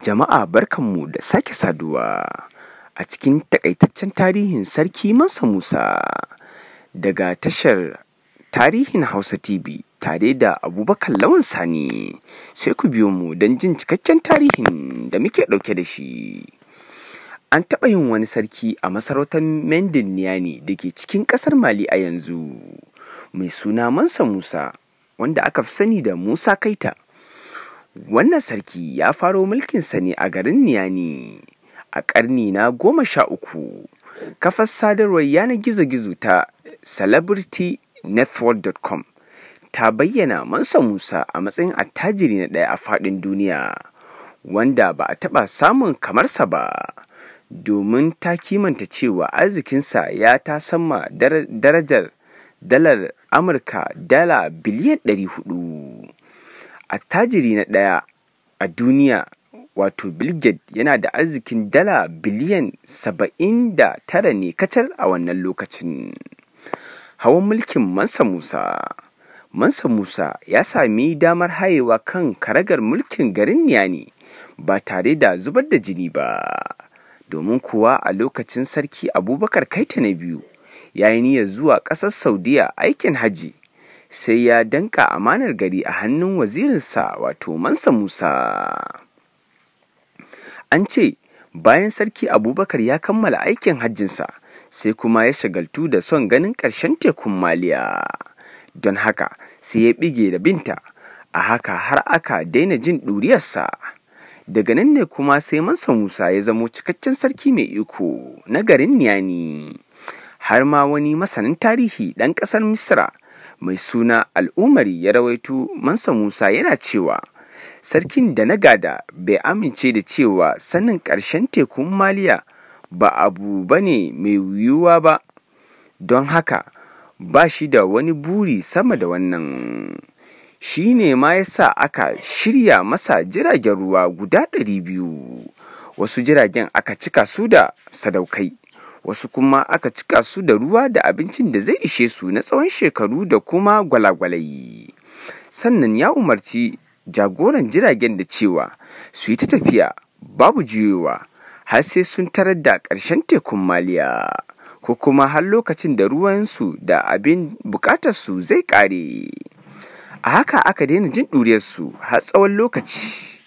Jama'a barkanmu da sake saduwa a cikin takaitaccen tarihin Sarki Mansa Musa daga tashar Tarihin Hausa TV tare da Abubakar Lawan Sani sai ku biyo mu don jin cikakken tarihin da muke ɗauke da shi. An taɓa yin wani sarki a masarautar Mendin Niyani da ke cikin ƙasar Mali a yanzu mai suna Mansa Musa wanda aka fi sani da Musa Kaita. Wannan sarki ya faro mulkinsa ne a garin Niyani a ƙarni na goma sha uku. Kafar sadarwar yanar gizo-gizo ta celebritynetwork.com ta bayyana Mansa Musa a matsayin attajiri na ɗaya a faɗin duniya wanda ba a taɓa samun kamarsa ba. domin ta kimanta cewa arzikinsa ya tasamma darajar dalar amurka dala biliyan 400 attajiri na ɗaya a duniya wato Bill yana da arzikin dala biliyan saba'in da tara ne kacal a wannan lokacin. Hawan mulkin Mansa Musa Mansa Musa ya sami damar hayewa kan karagar mulkin garin Niyani ba tare da zubar da jini ba. Domin kuwa a lokacin sarki Abubakar Kaita na biyu ya yi niyyar zuwa ƙasar Saudiya aikin hajji. sai ya danka amanar gari a hannun wazirinsa wato mansa musa an ce bayan sarki abubakar ya kammala aikin hajjinsa sai kuma ya shagaltu da son ganin ƙarshen tekun maliya don haka sai ya bige da binta a haka har aka daina jin ɗuriyarsa daga nan ne kuma sai mansa musa ya zamo cikakken sarki mai iko na garin niyani har ma wani masanin tarihi ɗan ƙasar misra mai suna al'umari ya rawaito mansa musa yana cewa sarkin da na gada bai amince da cewa sanin ƙarshen tekun maliya ba abu ba ne mai wuyuwa ba don haka ba shi da wani buri sama da wannan shi ne ma ya sa aka shirya masa jiragen ruwa guda ɗari biyu wasu jiragen aka cika su da sadaukai wasu kuma aka cika su da ruwa da abincin da zai ishe su na tsawon shekaru da kuma gwalagwalai sannan ya umarci jagoran jiragen da cewa su yi ta tafiya babu juyowa har sai sun tarar da ƙarshen tekun maliya ko kuma har lokacin da ruwansu da abin bukatarsu zai ƙare a haka aka daina jin ɗuriyarsu har tsawon lokaci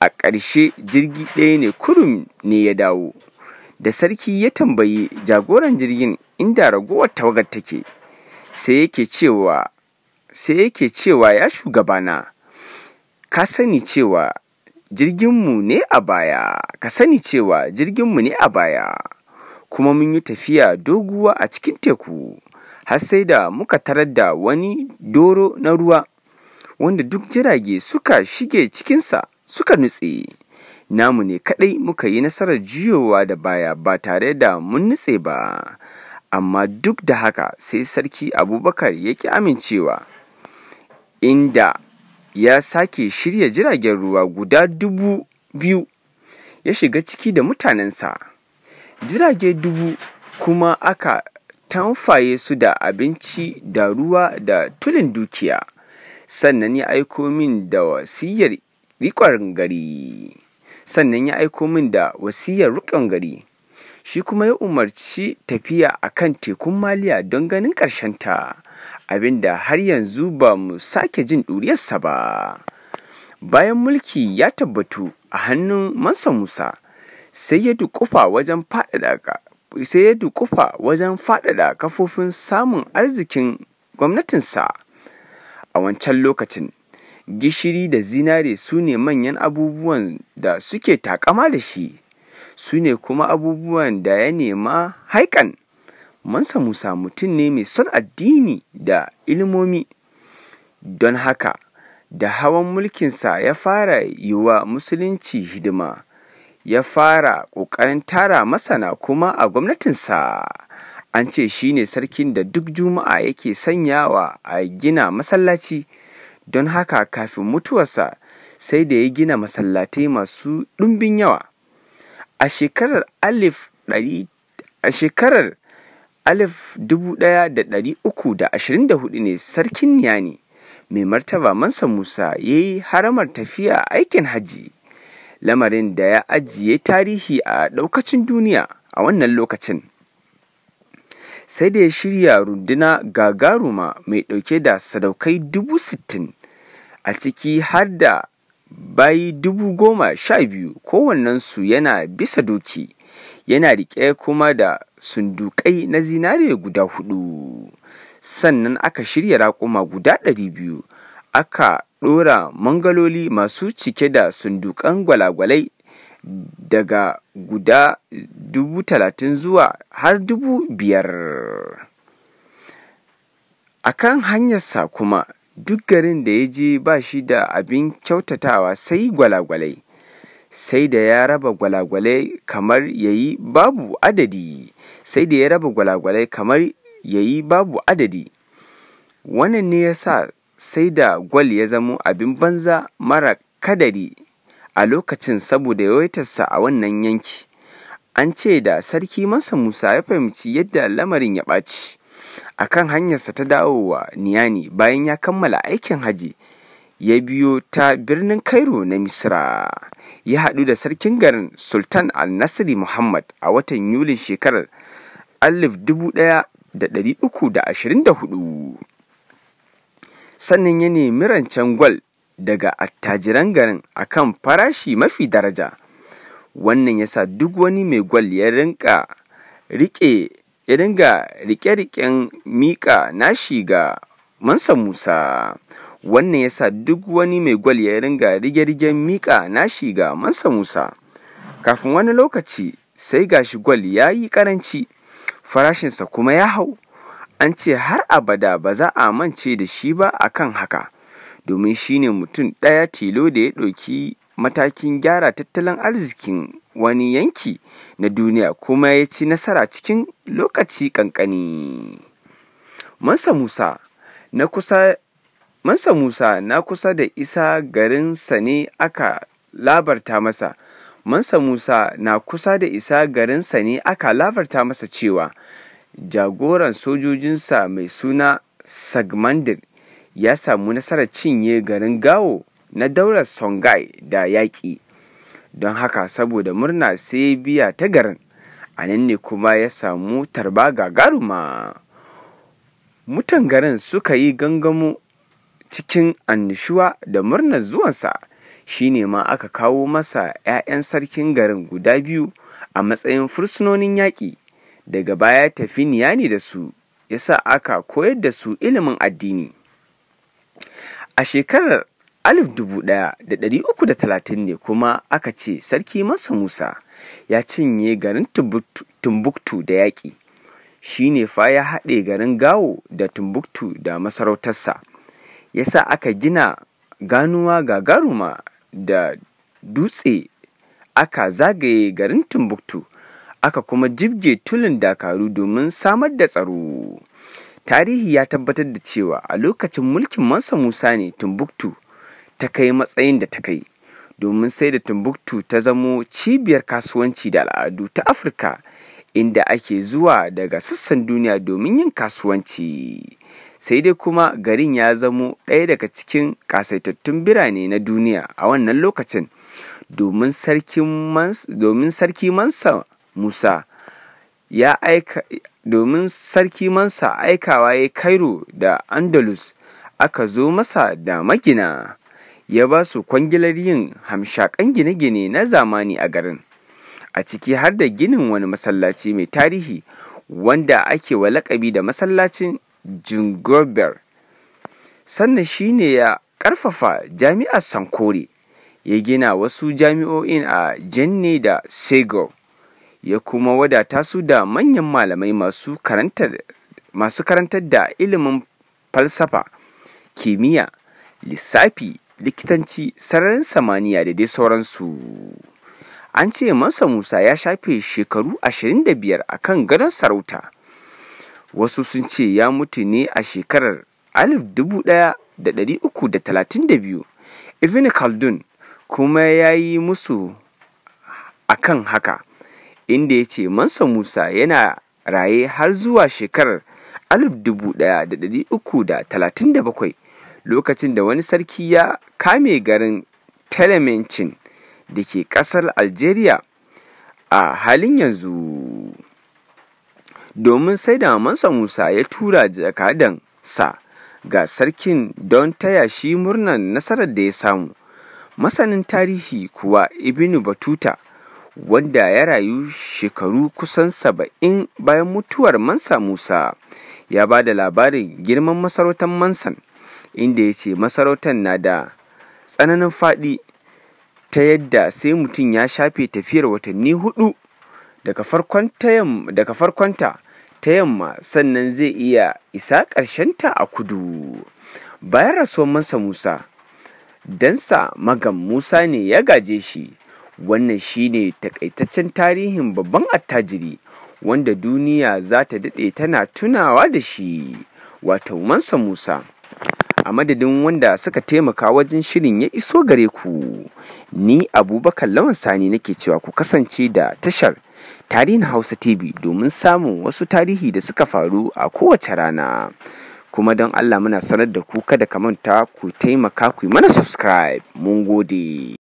a ƙarshe jirgi ɗaya ne kurum ne ya dawo da sarki ya tambayi jagoran jirgin inda ragowar tawagar take sai yake cewa cewa ya shugabana ka sani cewa jirginmu ne a baya ka sani cewa jirginmu ne a baya kuma mun yi tafiya doguwa a cikin teku har sai da muka tarar da wani doro na ruwa wanda duk jirage suka shige cikinsa suka nutse namu ne kaɗai muka yi nasarar jiyowa da baya ba tare da mun nutse ba amma duk da haka sai sarki abubakar ya ƙi amincewa inda ya sake shirya jiragen ruwa guda dubu biyu ya shiga ciki da mutanensa jirage dubu kuma aka tamfaye su da abinci da ruwa da tulin dukiya sannan ya aiko min da wasiyar rikon gari sannan ya aiko min da wasiyar rukon gari shi kuma ya umarci tafiya a kan tekun maliya don ganin ƙarshen ƙarshenta abinda har yanzu ba mu sake jin ɗuriyarsa ba bayan mulki ya tabbatu a hannun mansa musa sai ya dukufa wajen faɗaɗa kafofin samun arzikin gwamnatinsa a wancan lokacin gishiri da zinare su ne manyan abubuwan da suke takama da shi su ne kuma abubuwan da ya nema haikan mansa musa mutum ne mai son addini da ilmomi. don haka da hawan mulkinsa ya fara yi wa musulunci hidima ya fara ƙoƙarin tara masana kuma a gwamnatinsa an ce shi ne sarkin da duk juma'a yake sanyawa a gina masallaci don haka kafin mutuwarsa sai da ya gina masallatai masu ɗumbin yawa a shekarar alif a shekarar alif dubu ɗaya da ɗari uku da ashirin da hudu ne sarkin niyani mai martaba mansa musa ya yi haramar tafiya aikin hajji lamarin da ya ajiye tarihi a ɗaukacin duniya a wannan lokacin sai da ya shirya runduna gagaruma mai ɗauke da sadaukai dubu sittin a ciki har da bayi dubu goma sha biyu kowannensu yana bisa doki yana riƙe kuma da sundukai na zinare guda hudu sannan aka shirya raƙuma guda ɗari biyu aka ɗora mangaloli masu cike da sundukan gwalagwalai daga guda dubu talatin zuwa har dubu biyar a kan hanyarsa kuma duk garin da ya je ba shi da abin kyautatawa sai gwalagwalai sai da ya raba gwalagwalai kamar ya yi babu adadi sai da ya raba gwalagwalai kamar ya yi babu adadi wannan ne ya sa sai da gwal ya zamo abin banza mara kadari a lokacin saboda yawaitarsa a wannan yanki an ce da sarki masa musa ya fahimci yadda lamarin ya ɓaci a kan hanyarsa ta dawowa niyani bayan ya kammala aikin haji ya biyo ta birnin cairo na misra ya haɗu da sarkin garin sultan al-nasiri muhammad a watan yulin shekarar 1324 sannan ya nemi rancen gwal daga attajiran garin akan farashi mafi daraja wannan ya sa duk wani mai gwal ya rinka rike ya dinga rike-riken miƙa nashi ga Mansa Musa. Wannan ya sa duk wani mai gwal ya ringa rige-rigen miƙa nashi ga Mansa Musa. Kafin wani lokaci sai gashi gwal ya yi ƙaranci, farashinsa kuma ya hau. An ce har abada ba za a mance da shi ba akan haka, domin shi ne mutum ɗaya tilo da ya ɗauki matakin gyara tattalin arzikin wani yanki na duniya kuma ya ci nasara cikin lokaci ƙanƙani. Mansa Musa na kusa da isa garinsa ne aka labarta masa. Mansa Musa na kusa da isa garinsa ne aka labarta masa cewa jagoran sojojinsa mai suna Sagmandir ya samu nasarar cinye garin Gawo na daular songhai da yaƙi don haka saboda murna sai biya ta garin a nan ne kuma ya samu tarba gagaruma mutan garin suka yi gangamo cikin annishuwa da murnar zuwansa shi ne ma aka kawo masa 'ya'yan sarkin garin guda biyu a matsayin fursunonin yaƙi daga baya tafi niyani da su ya sa aka koyar da su ilimin addini a shekarar alif dubu ɗaya da ɗari uku da talatin ne kuma aka ce sarki masa musa ya cinye garin tumbuktu da yaƙi shi ne fa ya haɗe garin gawo da tumbuktu da masarautarsa ya sa aka gina ganuwa gagaruma da dutse aka zagaye garin tumbuktu aka kuma jibge tulin dakaru domin samar da tsaro tarihi ya tabbatar da cewa a lokacin mulkin mansa musa ne tumbuktu ta kai matsayin da ta kai domin sai da Timbuktu ta zamo cibiyar kasuwanci da al'adu ta Afirka inda ake zuwa daga sassan duniya domin yin kasuwanci. Sai dai kuma garin ya zamo ɗaya daga cikin ƙasaitattun birane na duniya a wannan lokacin domin sarki Mansa Musa ya aika domin sarki Mansa aikawa ya kairo da Andalus aka zo masa da magina. ya ba su kwangilar yin hamshakan gine-gine na zamani a garin a ciki har da ginin wani masallaci mai tarihi wanda ake wa lakabi da masallacin jingobar sannan shi ne ya ƙarfafa jami'ar sankore ya gina wasu jami'o'in a jenne da sego ya kuma wadata su da manyan malamai masu karantar da ilimin falsafa kimiyya lissafi likitanci sararin samaniya da dai sauransu an ce mansa musa ya shafe shekaru 25 a kan gadon sarauta wasu sun ce ya mutu ne a shekarar 1332 ibn khaldun kuma ya yi musu a kan haka inda ya ce mansa musa yana raye har zuwa shekarar 1337 lokacin da wani sarki ya kame garin Telemencin da ke ƙasar Algeria a halin yanzu. Domin sai da Mansa Musa ya tura jakadan sa ga sarkin don taya shi murnar nasarar da ya samu. Masanin tarihi kuwa Ibn Batuta wanda ya rayu shekaru kusan saba'in bayan mutuwar Mansa Musa ya ba da labarin girman masarautar Mansan. inda ya ce masarautar na da tsananin faɗi ta yadda sai mutum ya shafe tafiyar watanni hudu daga farkonta ta yamma sannan zai iya isa ƙarshenta a kudu bayan rasuwan masa musa dansa magan musa ne ya gaje shi wannan shine takaitaccen tarihin babban attajiri wanda duniya za ta daɗe tana tunawa da shi wato mansa musa a madadin wanda suka taimaka wajen shirin ya iso gare ku ni abubakar lawan sani nake cewa ku kasance da tashar tarihin hausa tv domin samun wasu tarihi da suka faru a kowace rana kuma don allah muna sanar da ku kada ka manta ku taimaka ku yi mana subscribe mun gode